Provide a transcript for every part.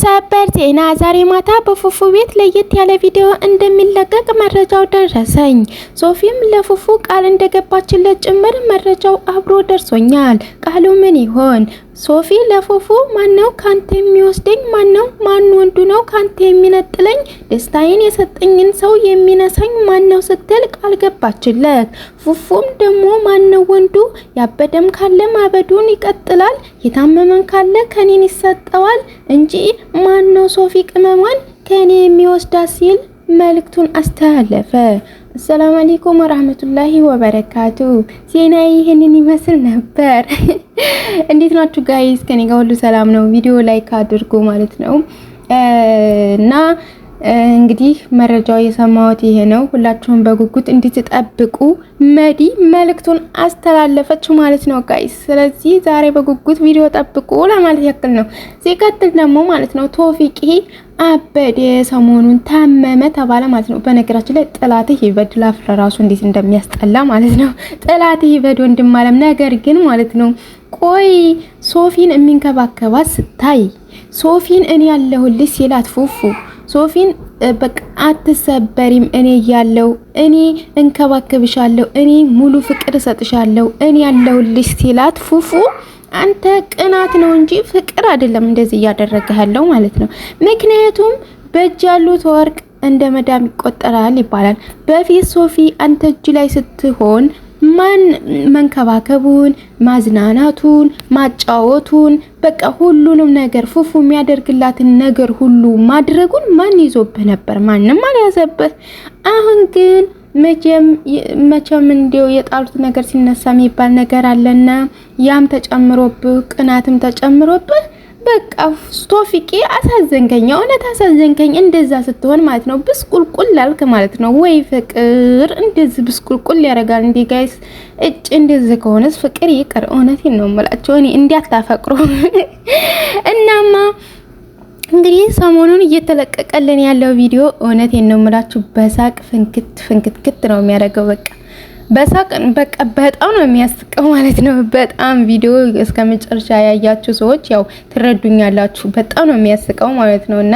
ሰበር ዜና ዛሬ ማታ በፉፉ ቤት ለየት ያለ ቪዲዮ እንደሚለቀቅ መረጃው ደረሰኝ። ሶፊም ለፉፉ ቃል እንደገባችለት ጭምር መረጃው አብሮ ደርሶኛል። ቃሉ ምን ይሆን? ሶፊ ለፎፎ ማነው ካንተ የሚወስደኝ? ማነው ማን ወንዱ ነው ካንተ የሚነጥለኝ? ደስታዬን የሰጠኝን ሰው የሚነሳኝ ማነው ስትል ቃል ገባችለት። ፉፉም ደግሞ ማነው ወንዱ? ያበደም ካለ ማበዱን ይቀጥላል፣ የታመመን ካለ ከኔን ይሰጠዋል እንጂ ማነው ሶፊ ቅመሟን ከኔ የሚወስዳት ሲል መልእክቱን አስተላለፈ። አሰላሙ አለይኩም ወራህመቱላሂ ወበረካቱ። ዜና ይህንን ይመስል ነበር። እንዴት ናችሁ ጋይስ? ከኔ ጋር ሁሉ ሰላም ነው። ቪዲዮ ላይክ አድርጉ ማለት ነው እና እንግዲህ መረጃው የሰማሁት ይሄ ነው። ሁላችሁም በጉጉት እንድትጠብቁ መዲ መልእክቱን አስተላለፈች ማለት ነው ጋይስ። ስለዚህ ዛሬ በጉጉት ቪዲዮ ጠብቁ ለማለት ያክል ነው። ሲቀጥል ደግሞ ማለት ነው ቶፊቂ አበደ ሰሞኑን ታመመ ተባለ ማለት ነው። በነገራችን ላይ ጥላትህ ይበድ ላፍረ ራሱ እንዴት እንደሚያስጠላ ማለት ነው። ጥላትህ ይበድ ወንድም አለም። ነገር ግን ማለት ነው ቆይ ሶፊን የሚንከባከባት ስታይ ሶፊን እኔ ያለሁልሽ ሲላት ፉፉ ሶፊን በቃ አትሰበሪም፣ እኔ ያለው እኔ እንከባከብሻለሁ፣ እኔ ሙሉ ፍቅር እሰጥሻለሁ፣ እኔ ያለሁልሽ ሲላት ፉፉ አንተ ቅናት ነው እንጂ ፍቅር አይደለም እንደዚህ እያደረገ ያለው ማለት ነው። ምክንያቱም በእጅ ያሉት ወርቅ እንደ መዳም ይቆጠራል ይባላል። በፊት ሶፊ አንተ እጅ ላይ ስትሆን ማን መንከባከቡን፣ ማዝናናቱን፣ ማጫወቱን በቃ ሁሉንም ነገር ፉፉ የሚያደርግላትን ነገር ሁሉ ማድረጉን ማን ይዞብህ ነበር? ማንም አልያዘበት። አሁን ግን መቼም መቼም እንዲው የጣሉት ነገር ሲነሳ የሚባል ነገር አለና ያም ተጨምሮብህ ቅናትም ተጨምሮብህ በቃ ስቶፊቂ አሳዘንከኝ፣ እውነት አሳዘንከኝ። እንደዛ ስትሆን ማለት ነው ብስቁልቁል ላልክ ማለት ነው። ወይ ፍቅር እንደዚህ ብስቁልቁል ያደርጋል እንዴ ጋይስ? እጭ እንደዚህ ከሆነስ ፍቅር ይቅር። እውነቴን ነው የምላቸው እኔ እንዲያታፈቅሩ እናማ እንግዲህ ሰሞኑን እየተለቀቀልን ያለው ቪዲዮ እውነቴን ነው የምላችሁ በሳቅ ፍንክት ፍንክትክት ነው የሚያደርገው በቃ በሳቅን በቃ በጣም ነው የሚያስቀው ማለት ነው። በጣም ቪዲዮ እስከ መጨረሻ ያያችሁ ሰዎች ያው ትረዱኛላችሁ። በጣም ነው የሚያስቀው ማለት ነው እና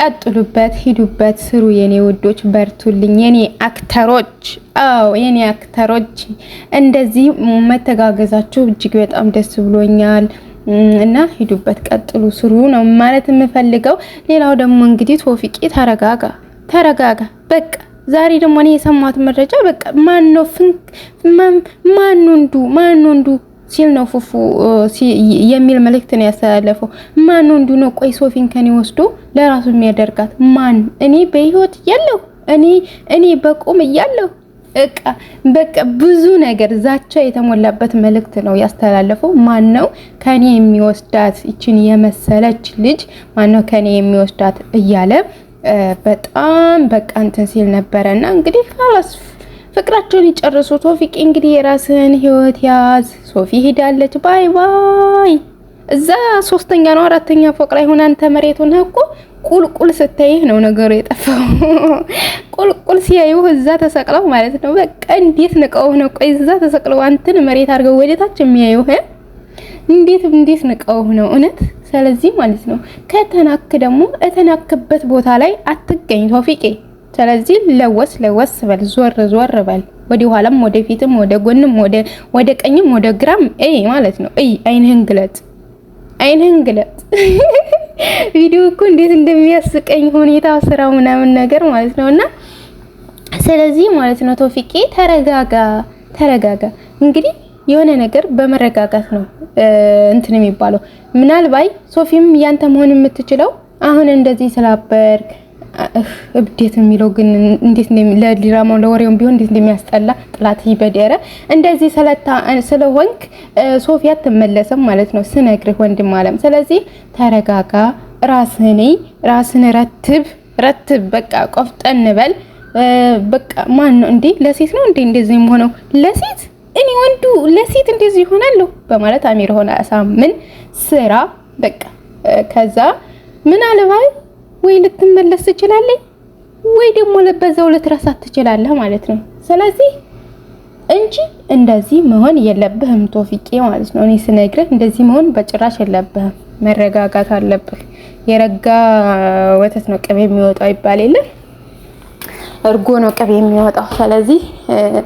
ቀጥሉበት፣ ሂዱበት፣ ስሩ የኔ ውዶች፣ በርቱልኝ የኔ አክተሮች። አዎ የኔ አክተሮች እንደዚህ መተጋገዛችሁ እጅግ በጣም ደስ ብሎኛል። እና ሂዱበት፣ ቀጥሉ፣ ስሩ ነው ማለት የምፈልገው። ሌላው ደግሞ እንግዲህ ቶፊቂ ተረጋጋ፣ ተረጋጋ በቃ ዛሬ ደግሞ እኔ የሰማሁት መረጃ በቃ ማን ነው ማን ወንዱ ማን ወንዱ ሲል ነው ፉፉ የሚል መልእክት ነው ያስተላለፈው። ማን ወንዱ ነው? ቆይ ሶፊን ከኔ ወስዶ ለራሱ የሚያደርጋት ማን? እኔ በህይወት እያለሁ እኔ እኔ በቁም እያለሁ እቃ በቃ ብዙ ነገር ዛቻ የተሞላበት መልእክት ነው ያስተላለፈው። ማን ነው ከኔ የሚወስዳት? ይችን የመሰለች ልጅ ማን ነው ከኔ የሚወስዳት እያለ በጣም በቃ እንትን ሲል ነበረ እና እንግዲህ ላስ ፍቅራቸውን ይጨርሱ። ቶፊቅ እንግዲህ የራስን ህይወት ያዝ። ሶፊ ሄዳለች። ባይ ባይ። እዛ ሶስተኛ ነው አራተኛ ፎቅ ላይ ሆነ አንተ መሬት ሆነ እኮ ቁልቁል ስታይህ ነው ነገሩ የጠፋው። ቁልቁል ሲያዩ እዛ ተሰቅለው ማለት ነው። በቃ እንዴት ንቀውህ ነው? ቆይ እዛ ተሰቅለው አንተን መሬት አድርገው ወደታች የሚያዩህ እንዴት እንዴት ንቀውህ ነው እውነት ስለዚህ ማለት ነው ከተናክ ደግሞ እተናክበት ቦታ ላይ አትገኝ ቶፊቄ። ስለዚህ ለወስ ለወስ በል፣ ዞር ዞር በል፣ ወደ ኋላም ወደ ፊትም ወደ ጎንም ወደ ቀኝም ወደ ግራም እይ ማለት ነው። እይ አይንህን ግለጥ፣ አይንህን ግለጥ። ቪዲዮ እኮ እንዴት እንደሚያስቀኝ ሁኔታ ስራው ምናምን ነገር ማለት ነው። እና ስለዚህ ማለት ነው ቶፊቄ ተረጋጋ፣ ተረጋጋ እንግዲህ የሆነ ነገር በመረጋጋት ነው እንትን የሚባለው። ምናልባይ ሶፊም ያንተ መሆን የምትችለው አሁን እንደዚህ ስላበርክ እብዴት የሚለው ግን እንዴት ለዲራማው ለወሬውም ቢሆን እንዴት እንደሚያስጠላ ጥላት ይበደረ እንደዚህ ስለሆንክ ሶፊ አትመለስም ማለት ነው ስነግርህ ወንድም አለም። ስለዚህ ተረጋጋ፣ ራስህን ራስህን ረትብ ረትብ፣ በቃ ቆፍጠን በል በቃ። ማን ነው እንዴ? ለሴት ነው እንዴ እንደዚህ የሆነው ለሴት እኔ ወንዱ ለሴት እንደዚህ ይሆናለሁ በማለት አሚር ሆነ አሳምን ስራ በቃ ከዛ ምን አለባይ ወይ ልትመለስ ትችላለህ ወይ ደግሞ ለበዛው ልትረሳት ትችላለህ ማለት ነው። ስለዚህ እንጂ እንደዚህ መሆን የለብህም ቶፊቄ ማለት ነው። እኔ ስነግርህ እንደዚህ መሆን በጭራሽ የለብህም። መረጋጋት አለብህ። የረጋ ወተት ነው ቅቤ የሚወጣው ይባል የለ እርጎ ነው ቅቤ የሚወጣው። ስለዚህ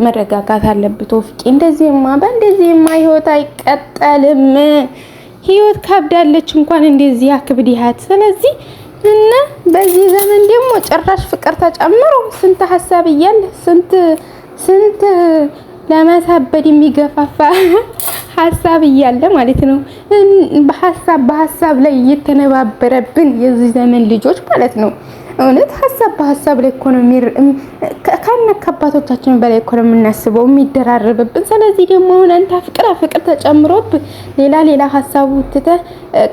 መረጋጋት አለብህ ቶፊቂ። እንደዚህማ በእንደዚህማ ህይወት አይቀጠልም። ህይወት ካብዳለች፣ እንኳን እንደዚህ አክብድሃት። ስለዚህ እና በዚህ ዘመን ደግሞ ጭራሽ ፍቅር ተጨምሮ ስንት ሀሳብ እያለ ስንት ስንት ለማሳበድ የሚገፋፋ ሀሳብ እያለ ማለት ነው። በሀሳብ በሀሳብ ላይ እየተነባበረብን የዚህ ዘመን ልጆች ማለት ነው። እውነት ሀሳብ በሀሳብ ላይ እኮ ነው ከነካ አባቶቻችን በላይ እኮ ነው የምናስበው የሚደራረብብን። ስለዚህ ደግሞ አሁን አንተ ፍቅር ፍቅር ተጨምሮብ ሌላ ሌላ ሀሳቡ ትተ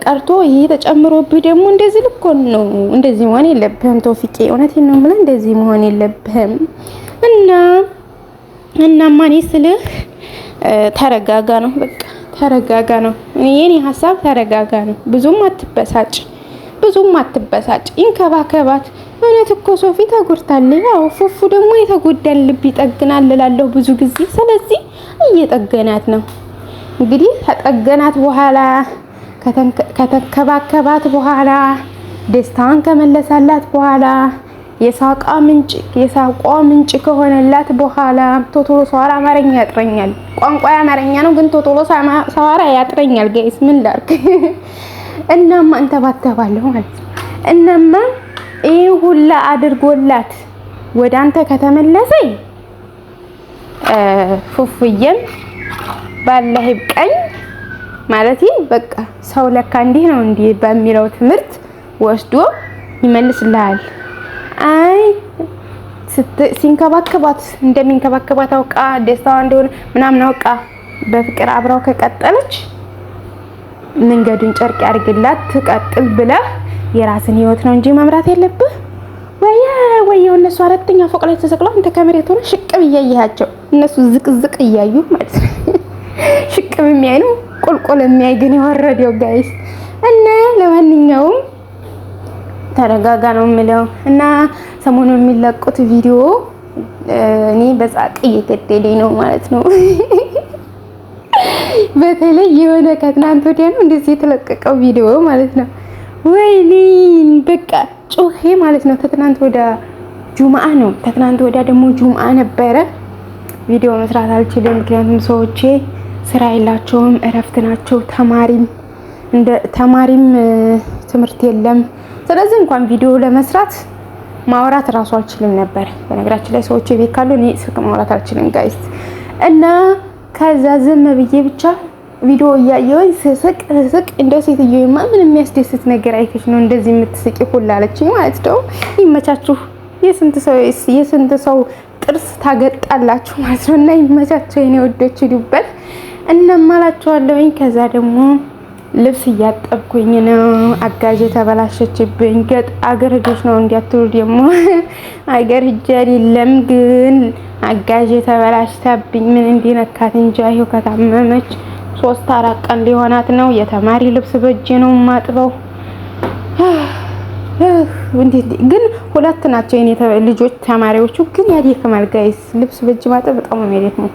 ቀርቶ ይህ ተጨምሮብህ ደግሞ እንደዚህ ልኮን ነው። እንደዚህ መሆን የለብህም ተውፊቄ፣ እውነቴን ነው የምልህ እንደዚህ መሆን የለብህም እና እና ማኔ ስልህ ተረጋጋ ነው በቃ ተረጋጋ ነው። የኔ ሀሳብ ተረጋጋ ነው። ብዙም አትበሳጭ። ብዙም አትበሳጭ፣ ይንከባከባት። እውነት እኮ ሶፊ ተጎድታለች። ያው ፉፉ ደግሞ የተጎዳን ልብ ይጠግናል እላለሁ ብዙ ጊዜ። ስለዚህ እየጠገናት ነው። እንግዲህ ከጠገናት በኋላ ከተንከባከባት በኋላ ደስታን ከመለሳላት በኋላ የሳቋ ምንጭ የሳቋ ምንጭ ከሆነላት በኋላ ቶቶሎ ሰዋራ አማርኛ ያጥረኛል። ቋንቋ አማርኛ ነው፣ ግን ቶቶሎ ሰዋራ ያጥረኛል። ጋይስ ምን ላርክ እናማ እንተባተባለሁ ማለት ነው። እናማ ይህ ሁላ አድርጎላት ወደ አንተ ከተመለሰኝ ፉፉዬም ባለህ ይብቀኝ ማለት በቃ ሰው ለካ እንዲህ ነው እንዲህ በሚለው ትምህርት ወስዶ ይመልስልሃል። አይ ሲንከባከባት እንደሚንከባከባት አውቃ ደስታዋ እንደሆነ ምናምን አውቃ በፍቅር አብራው ከቀጠለች መንገዱን ጨርቅ ያድርግላት ትቀጥል ብለህ የራስን ህይወት ነው እንጂ መምራት የለብህ። ወይ ወየው እነሱ አራተኛ ፎቅ ላይ ተሰቅለው አንተ ከመሬት ሆነ ሽቅብ እያያቸው እነሱ ዝቅዝቅ እያዩ ማለት ሽቅብ የሚያይ ነው ቁልቁል የሚያይ ግን የወረደው ጋይስ እና ለማንኛውም ተረጋጋ ነው የምለው እና ሰሞኑን የሚለቁት ቪዲዮ እኔ በሳቅ እየገደለኝ ነው ማለት ነው። በተለይ የሆነ ከትናንት ወዲያ ነው እንደዚህ የተለቀቀው ቪዲዮ ማለት ነው። ወይኔ በቃ ጮሄ ማለት ነው። ከትናንት ወዲያ ጁምአ ነው። ከትናንት ወዲያ ደግሞ ጁምአ ነበረ። ቪዲዮ መስራት አልችልም፣ ምክንያቱም ሰዎቼ ስራ የላቸውም፣ እረፍት ናቸው። ተማሪም እንደ ተማሪም ትምህርት የለም። ስለዚህ እንኳን ቪዲዮ ለመስራት ማውራት እራሱ አልችልም ነበር። በነገራችን ላይ ሰዎች ቤት ካሉ እኔ ስልክ ማውራት አልችልም ጋይስ እና ከዛ ዝም ብዬ ብቻ ቪዲዮ እያየሁኝ ስስቅ ስስቅ እንደው ሴትዮማ ምን የሚያስደስት ነገር አይተሽ ነው እንደዚህ የምትስቂ ሁላ አለችኝ ማለት ነው። ይመቻችሁ። የስንት ሰው የስንት ሰው ጥርስ ታገጣላችሁ ማለት ነው። እና ይመቻችሁ የኔ ወዶች ሂዱበት። እናማላችኋለሁኝ። ከዛ ደግሞ ልብስ እያጠብኩኝ ነው። አጋዥ የተበላሸችብኝ ገጥ አገር ሂዶች ነው እንዲያትሉ ደግሞ አገር ሂጄ የለም ግን አጋዥ የተበላሽታብኝ ምን እንዲነካት እንጂ ይኸው ከታመመች ሶስት አራት ቀን ሊሆናት ነው። የተማሪ ልብስ በጅ ነው ማጥበው። ግን ሁለት ናቸው የኔ ልጆች ተማሪዎቹ። ግን ያደክማል ጋይስ ልብስ በእጅ ማጠብ በጣም ነው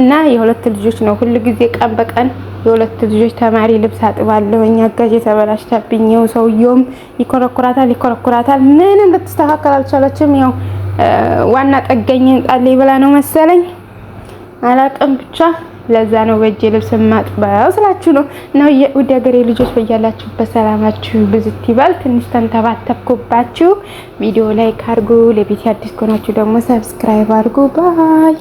እና የሁለት ልጆች ነው ሁሉ ጊዜ ቀን በቀን የሁለት ልጆች ተማሪ ልብስ አጥባለሁ። እኛ አጋዥ የተበላሽታብኝ። ሰውየውም ይኮረኩራታል ይኮረኩራታል፣ ምንም ልትስተካከል አልቻለችም ያው ዋና ጠገኝን ጣልይ ብላ ነው መሰለኝ አላቅም። ብቻ ለዛ ነው በእጄ ልብስ ማጥበው ስላችሁ ነው። እና ውድ ሀገሬ ልጆች በያላችሁበት ሰላማችሁ ብዙ ይበል። ትንሽ ተንተባተብኩባችሁ። ቪዲዮ ላይክ አድርጉ። ለቤት አዲስ ከሆናችሁ ደግሞ ሰብስክራይብ አድርጉ። ባይ